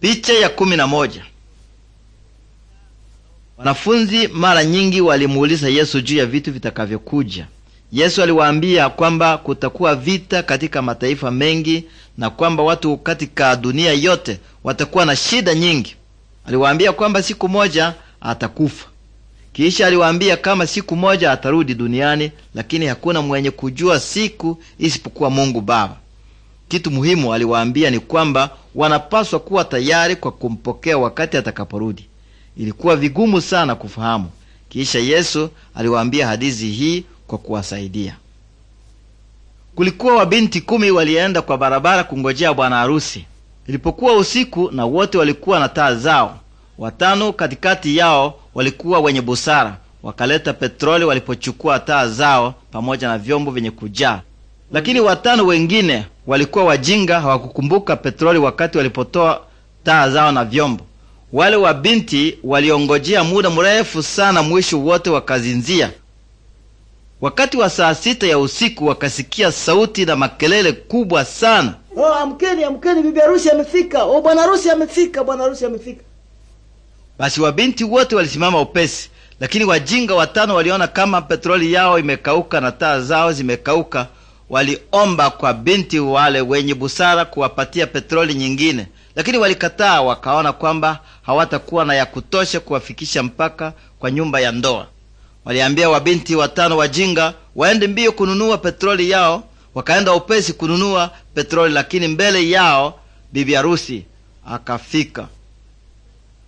Picha ya kumi na moja. Wanafunzi mara nyingi walimuuliza Yesu juu ya vitu vitakavyokuja. Yesu aliwaambia kwamba kutakuwa vita katika mataifa mengi na kwamba watu katika dunia yote watakuwa na shida nyingi. Aliwaambia kwamba siku moja atakufa. Kisha aliwaambia kama siku moja atarudi duniani, lakini hakuna mwenye kujua siku isipokuwa Mungu Baba. Kitu muhimu aliwaambia ni kwamba wanapaswa kuwa tayari kwa kumpokea wakati atakaporudi. Ilikuwa vigumu sana kufahamu. Kisha Yesu aliwaambia hadithi hii kwa kuwasaidia. Kulikuwa wabinti kumi walienda kwa barabara kungojea bwana harusi. Ilipokuwa usiku na wote walikuwa na taa zao, watano katikati yao walikuwa wenye busara, wakaleta petroli walipochukua taa zao pamoja na vyombo vyenye kujaa, lakini watano wengine walikuwa wajinga, hawakukumbuka petroli wakati walipotoa taa zao na vyombo. Wale wabinti waliongojea muda mrefu sana, mwisho wote wakazinzia. Wakati wa saa sita ya usiku wakasikia sauti na makelele kubwa sana, oh, amkeni, amkeni, bibi harusi amefika! Oh, bwana harusi amefika, bwana harusi amefika! Basi wabinti wote walisimama upesi, lakini wajinga watano waliona kama petroli yao imekauka na taa zao zimekauka waliomba kwa binti wale wenye busara kuwapatia petroli nyingine, lakini walikataa, wakaona kwamba hawatakuwa na ya kutosha kuwafikisha mpaka kwa nyumba ya ndoa. Waliambia wabinti watano wajinga waende mbio kununua petroli yao. Wakaenda upesi kununua petroli, lakini mbele yao bibi harusi akafika.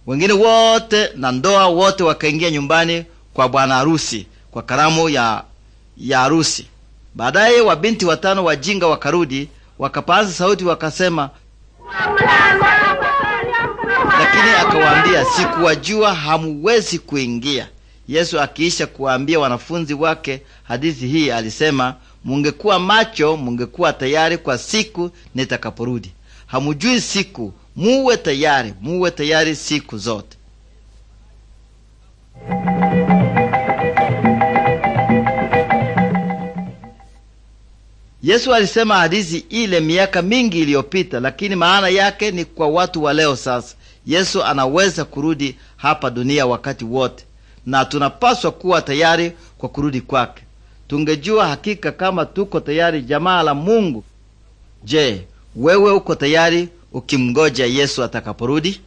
Wengine wote na ndoa wote wakaingia nyumbani kwa bwana harusi kwa karamu ya ya harusi. Baadaye wabinti watano wajinga wakarudi, wakapaza sauti wakasema, lakini akawaambia, sikuwajua, hamuwezi kuingia. Yesu akiisha kuwaambia wanafunzi wake hadithi hii alisema, mungekuwa macho, mungekuwa tayari kwa siku nitakaporudi. Hamujui siku, muwe tayari, muwe tayari siku zote. Yesu alisema hadithi ile miaka mingi iliyopita, lakini maana yake ni kwa watu wa leo. Sasa Yesu anaweza kurudi hapa dunia wakati wote, na tunapaswa kuwa tayari kwa kurudi kwake. Tungejua hakika kama tuko tayari, jamaa la Mungu. Je, wewe uko tayari ukimngoja Yesu atakaporudi?